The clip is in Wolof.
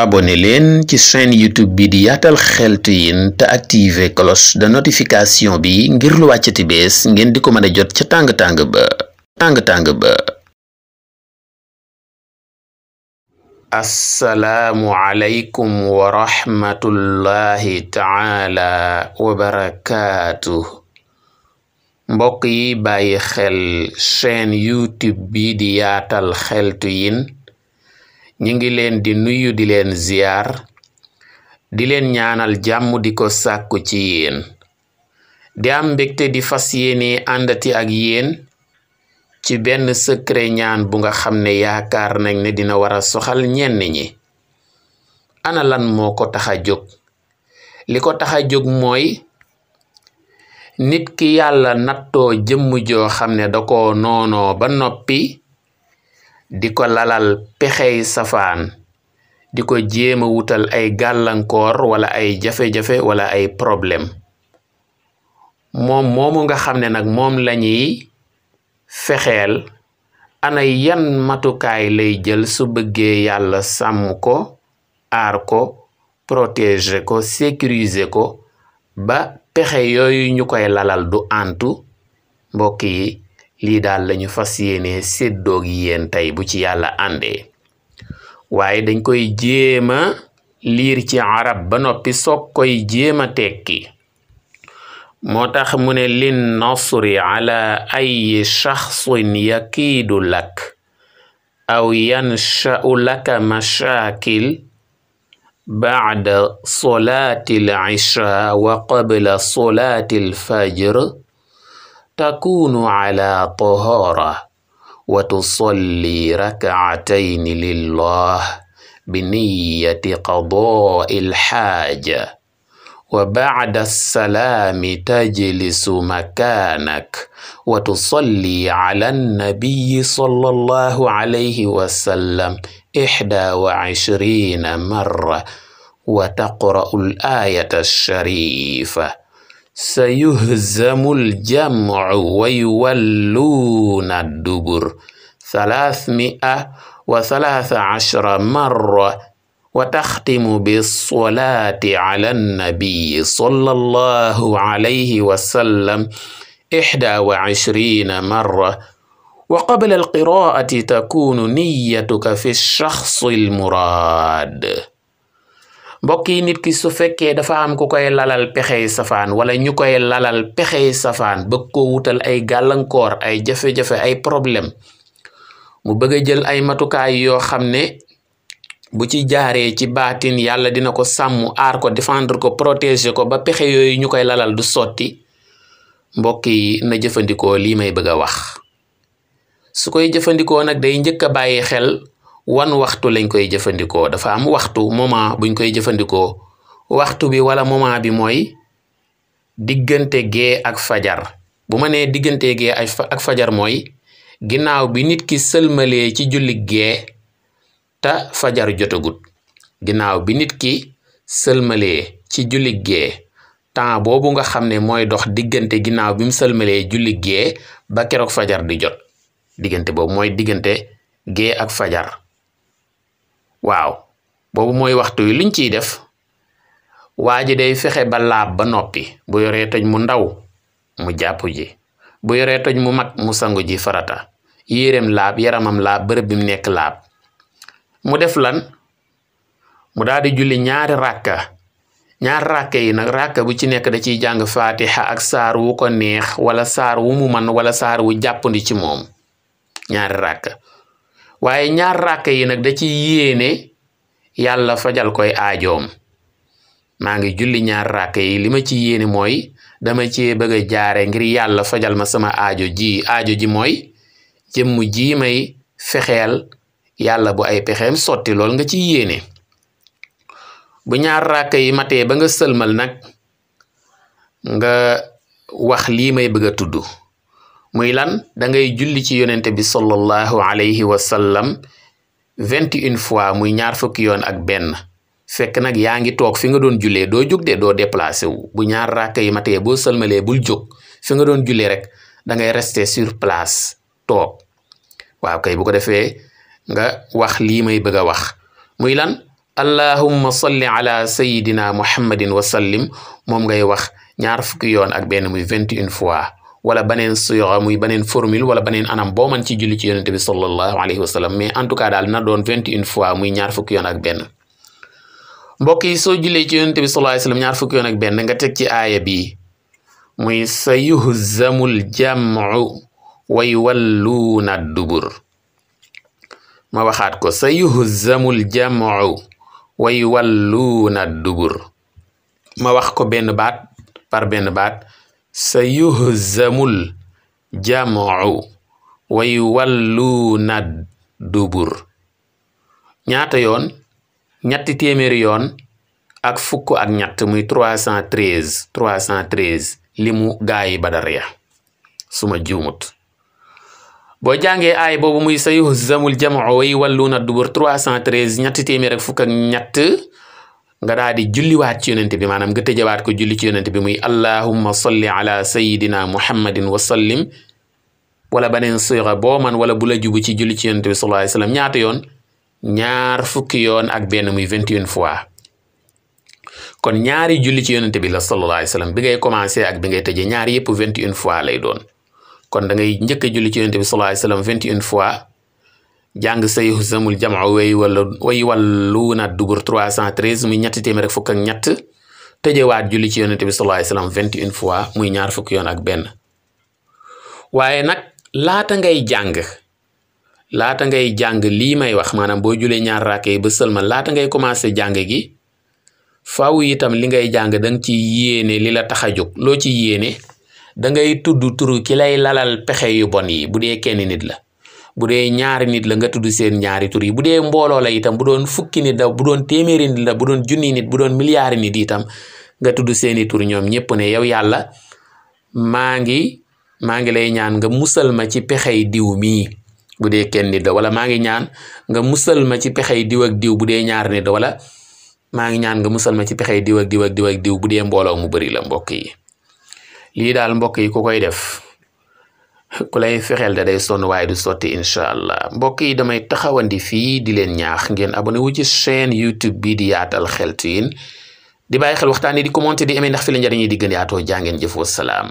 abonné leen ci chaîne youtube bi di yatal xeltu yin te activer cloche de notification bi ngir lu wàccati bees ngeen di ko mën a jot ca tàng-tàng ba tàng-tàng ba assalaamu aleykum wa rahmatullahi taala wa barakaatuh mbokk yi bàyyi xel youtube bi di yaatal xeltu yin ñi ngi leen di nuyu di leen ziyaar di leen ñaanal jàmm di ko sàkku ci yéen di am mbégte di fas yéene àndati ak yéen ci benn secret ñaan bu nga xam ne yaakaar nañ ne dina war a soxal ñenn ñi ana lan moo ko tax a jóg li ko tax a jóg mooy nit ki yàlla nattoo jëmm joo xam ne da ko noonoo ba noppi di ko lalal pexey safaan di ko jéema wutal ay gàllankoor wala ay jafe-jafe wala ay problème moom moomu nga xam ne nag moom lañuy fexeel ana yan matukaay lay jël su bëggee yàlla sàmm ko aar ko protéger ko sécuriser ko ba pexe yooyu ñu koy lalal du antu mbokk yi lii daal lañu fas yéene séddoog yéen tey bu ci yàlla àndee waaye dañ koy jéema liir ci arab ba noppi soog koy jéema tekki moo tax mu ne lin nasri ala ayi shaxsin yakiidu lak aw yansha'u laka mashaakil bacda solaati al isha wa qabla solaati al fajr تكون على طهارة وتصلي ركعتين لله بنية قضاء الحاجة وبعد السلام تجلس مكانك وتصلي على النبي صلى الله عليه وسلم إحدى وعشرين مرة وتقرأ الآية الشريفة سيهزم الجمع ويولون الدبر ثلاثمائة وثلاث عشر مرة وتختم بالصلاة على النبي صلى الله عليه وسلم إحدى وعشرين مرة وقبل القراءة تكون نيتك في الشخص المراد mbokk yi nit ki su fekkee dafa am ku koy lalal pexey safaan wala ñu koy lalal pexey safaan bëgg koo wutal ay gàllankoor ay jafe-jafe ay problème mu bëgg a jël ay matukaay yoo xam ne bu ci jaaree ci baatin yàlla dina ko sàmm aar ko défendre ko protéger ko ba pexe yooyu ñu koy lalal du sotti mbokk yi na jëfandikoo lii may bëgg a wax su koy jëfandikoo nag day njëkk a bàyyi xel wan waxtu lañ koy jëfandikoo dafa am waxtu moment buñ koy jëfandikoo waxtu bi wala moment bi mooy diggante gee ak fajar bu ma nee diggante gee ak fajar mooy ginnaaw bi nit ki sëlmalee ci julli gee te fajar jotagut ginnaaw bi nit ki sëlmalee ci julli gee temps boobu nga xam ne mooy dox diggante ginnaaw bi mu sëlmalee julli gee ba keroog fajar di jot diggante boobu mooy diggante gee ak fajar waaw boobu mooy waxtu wi luñ ciy def waa ji day fexe ba laab ba noppi bu yoree toj mu ndaw mu jàpp ji bu yoree toj mu mag mu sangu ji farata yéreem laab yaramam laab bërëb bi mu nekk laab mu def lan mu daal julli ñaari ràkka ñaari ràkka yi nag ràkka bu ci nekk da ciy jàng faatiha ak saar wu ko neex wala saar wu mu wala saar wu jàppandi ci moom ñaari ràkka waaye ñaar ràkka yi nag da ci yéene yàlla fajal koy aajoom maa ngi julli ñaar ràkka yi li ma ci yéene mooy dama ci bëgg a jaare ngir yàlla fajal ma sama aajo ji aajo ji mooy jëmm ji may fexeel yàlla bu ay pexeem sotti lool nga ci yéene bu ñaar ràkka yi matee ba nga sëlmal nag nga wax lii may bëgg a tudd muy lan dangay julli ci yonente bi sallallahu alayhi wa sallam vingt une fois muy ñaar fukki yoon ak benn fekk nag yaa ngi toog fi nga doon jullee doo jóg de doo déplacé wu bu ñaar raaka yi matee boo sëlmalee bul jóg fi nga doon jullee rek da ngay rester sur place toog waaw kay bu ko defee nga wax lii may bëgg a wax muy lan allahumma salli ala sayidina muhammadin wa sallim moom ngay wax ñaar fukki yoon ak benn muy vingt une fois wala beneen suyoo muy beneen formule wala beneen anam boo mën ci julli ci yonent bi sallallahu alayhi wa sallam mais en tout cas daal na doon vingt une fois muy ñaar fukki yoon ak benn mbokk yi soo jullee ci yonent bi sallallahu alayhi wa sallam ñaar fukki yoon ak benn nga teg ci aaya bi muy sa yuhzamul jam'u wa yuwalluuna dubur ma waxaat ko sa yuhzamul jam'u wa yuwalluuna dubur ma wax ko benn baat par benn baat sayuhzamul jamu wa yuwalluuna dubur ñaata yoon ñetti téeméeri yoon ak fukk ak ñett muy 313 313 limu gaayi badar ya suma juumut boo jàngee aay boobu muy sayuhzamul jamu wa yuwalluuna dubur 313 ñetti téeméer ak fukk ak ñett nga daal di julliwaat ci yonent bi maanaam nga tëjawaat ko julli ci yonent bi muy allahumma salli ala sayidina muhammadin wa sallim wala beneen sura boo man wala bu la jubu ci julli ci yonent bi ñaata yoon ñaar fukki yoon ak benn muy vingt et fois kon ñaari julli ci yonent bi la sallallahu alayhi wasallam bi ngay commencé ak bi ngay tëjee ñaari yëpp vingt et une fois lay doon kon da ngay njëkk a julli ci yonent bi sallallahu alayhi wasallam vingt une fois jàng say zamul jamaa way wala way walluuna dubur 313 muy ñetti téeméer ak fukk ak ñett tëjewaat julli ci yonente bi sallallahu alayhi wasallam 21 fois muy ñaar fukk yoon ak benn waaye nag laata ngay jàng laata ngay jàng lii may wax maanaam boo julee ñaar raaka yi ba sëlma laata ngay commencé jàng gi faw itam li ngay jàng danga ci yéene li la tax a jóg loo ci yéene dangay tudd turu ki lay lalal pexe yu bon yi bu dee kenn nit la bu dee ñaari nit la nga tudd seen ñaari yi bu dee mbooloo la itam bu doon fukki nit la bu doon téeméeri la bu doon junni nit bu doon milliards nit itam nga tudd seeni tur ñoom ñépp ne yow yàlla maa ngi maa ngi lay ñaan nga musal ma ci pexey diw mii bu dee kenn nit la wala maa ngi ñaan nga musal ma ci pexey diw ak diw bu dee ñaari nit la wala maa ngi ñaan nga musal ma ci pexey diw ak diw ak diw bu dee mbooloo mu bari la mbokk yi lii daal mbokk yi ku koy def ku lay fexeel da day sonn waaye du sotti incha allah mbokk yi damay taxawandi fii di leen ñaax ngeen abonné wu ci chaîne YouTube bi di yaatal xeltu yin di bàyyi xel waxtaan yi di commenté di amee ndax fi la njëriñ yi di gën yaatoo jaa ngeen salaam